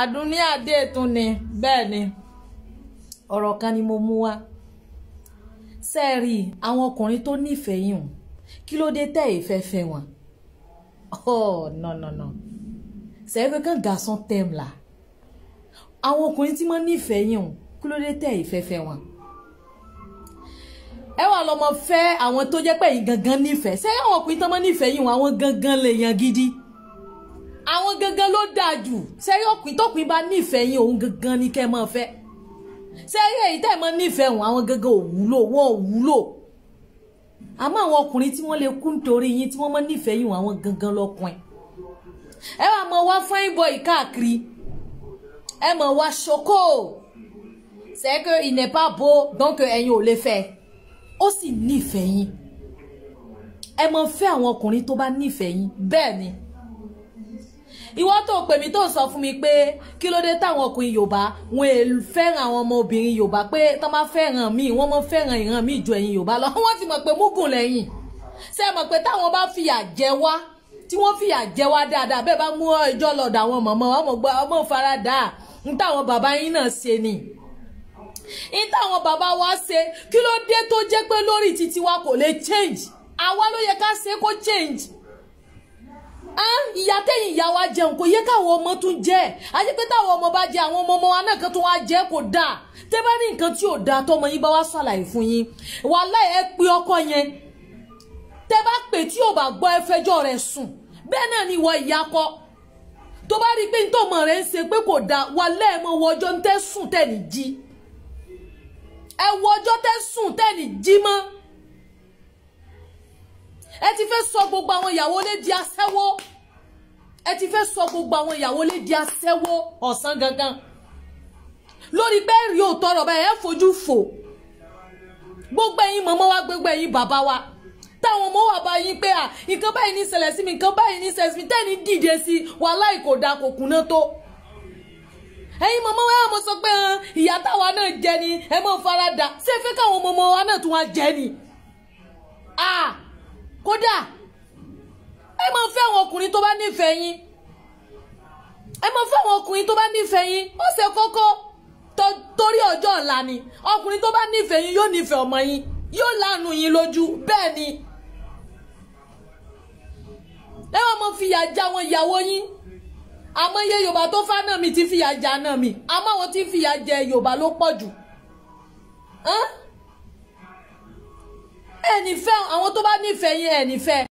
àdúní àdéètún ni bẹ́ẹ̀ ni ọ̀rọ̀ kan ni mo mú wá sẹ́ẹ̀rì àwọn ọkùnrin tó nífẹ̀ẹ́ yìí hùn kí ló dé tẹ́ ìfẹ́ fẹ́ wọn oh no no no c'est que garçon t'aime là àwọn ọkùnrin tí mo nífẹ̀ẹ́ yìí hùn kí ló dé tẹ́ ìfẹ́ fẹ́ wọn ẹ wà lọmọ fẹ́ àwọn tó jẹ́ pé yìí gangan nífẹ̀ẹ́ sẹ́yìn àwọn ọkùnrin tó mọ́ nífẹ̀ẹ́ yìí hùn àwọn gangan lèèyàn gidi àwọn gangan ló dáa jù ṣẹ́rí ọ̀pìn tọ́pìn bá nífẹ̀ẹ́ yín òun gangan ni kẹ́ ẹ máa fẹ́ ṣẹ́rí èyí tẹ́ ẹ máa nífẹ̀ẹ́ wọn àwọn gangan ò wúlò wọn ò wúlò àmọ́ àwọn ọkùnrin tí wọ́n lè kú nítorí yín tí wọ́n máa nífẹ̀ẹ́ yín àwọn gangan lọ́kùnrin ẹ wàá máa wá fine boy káàkiri ẹ máa wá ṣoko c'est que il n'est pas beau donc ẹ̀yin ò lè fẹ́ ó sì nífẹ̀ẹ́ yín ẹ máa fẹ́ àwọn ọkùnrin tó bá nífẹ̀ẹ́ yín bẹ́ẹ̀ ni ìwọ tó pè mí tó sọ fún mi pé kí ló dé táwọn ọkùnrin Yorùbá wọn è fẹ́ràn àwọn ọmọbìnrin Yorùbá pé tó máa fẹ́ràn míì wọ́n mọ́ fẹ́ràn ìran míì ju ẹ̀yin Yorùbá lọ wọ́n ti mọ̀ pé múgùn lẹ́yìn ṣé mọ̀ pé táwọn bá fìyà jẹ wá tí wọ́n fìyà jẹ wá dáadáa bẹ́ẹ̀ bá mú ẹjọ́ lọ́dọ̀ àwọn mọ̀mọ́ ọmọ farada ń táwọn bàbá yín náà ṣe ni ń táwọn bàbá wa ṣe kí ló dé tó jẹ́ pé lórí títí wa kò lè change àwa ló yẹ ká ṣe kó change dáa téyìn ìyá wa jẹun kò yẹ káwọn ọmọ tún jẹ àti pé táwọn ọmọ bá jẹ àwọn ọmọ ọmọ wa náà kan tún wá jẹ kò dáa tẹ́ bá ní nǹkan tí ò dáa tọmọ yín bá wá ṣàlàyé fún yín wàláhì ẹ pé ọkọ yẹn tẹ́ bá pè tí ò bá gbọ́ ẹ fẹjọ́ rẹ̀ sùn bẹ́ẹ̀ náà ni ìwọ ìyá kọ tó bá rí pé ntọ́mọ rẹ̀ ń ṣe pé kò dáa wàláhì ẹ mọ wọ ọjọ́ ń tẹ́ sùn tẹ́ ní jí ẹ wọ ọjọ́ tẹ́ sùn tẹ́ ní jí mọ́ ẹ ti fẹ́ sọ gbogbo àwọn ìyàwó lé di aṣẹ́wó ẹ ti fẹ́ sọ gbogbo àwọn ìyàwó lè di aṣẹ́wó ọ̀sán gangan lórí pé rí òótọ́ ọ̀rọ̀ báyìí ẹ fojú fò gbogbo ẹ̀yin mọ̀mọ́ wa gbogbo ẹ̀yin bàbá wa táwọn ọmọ wà bá pé à nǹkan báyìí ní ṣẹlẹ̀ sí mi nǹkan báyìí ní ṣẹlẹ̀ sí mi tẹ́ni dìde sí wàláì kò dáa kò kùnà tó ẹ̀yin mọ̀mọ́ wa yà mọ̀ sọ pé ìyá táwa náà jẹ ni ẹ mọ̀ farada ṣé fẹ́ káwọn ọmọ wa náà tún wá jẹ ni kódà ẹ máa fẹ́ àwọn ọkùnrin tó bá nífẹ̀ẹ́ yín ẹ máa fẹ́ àwọn ọkùnrin tó bá nífẹ̀ẹ́ yín ó ṣe kókó torí ọjọ́ ọ̀la ni ọkùnrin tó bá nífẹ̀ẹ́ yín yóò nífẹ̀ẹ́ ọmọ yín yóò láàánú yín lójú bẹ́ẹ̀ ni ẹ wọ́n mọ fìyà já àwọn ìyàwó yín àmọ́ iye yorùbá tó fá náà mi ti fìyà já náà mi àmọ́ àwọn tí fìyà jẹ yorùbá ló pọ̀ jù ẹ nífẹ̀ẹ́ àwọn tó bá nífẹ̀ẹ́ yín ẹ nífẹ̀ẹ́.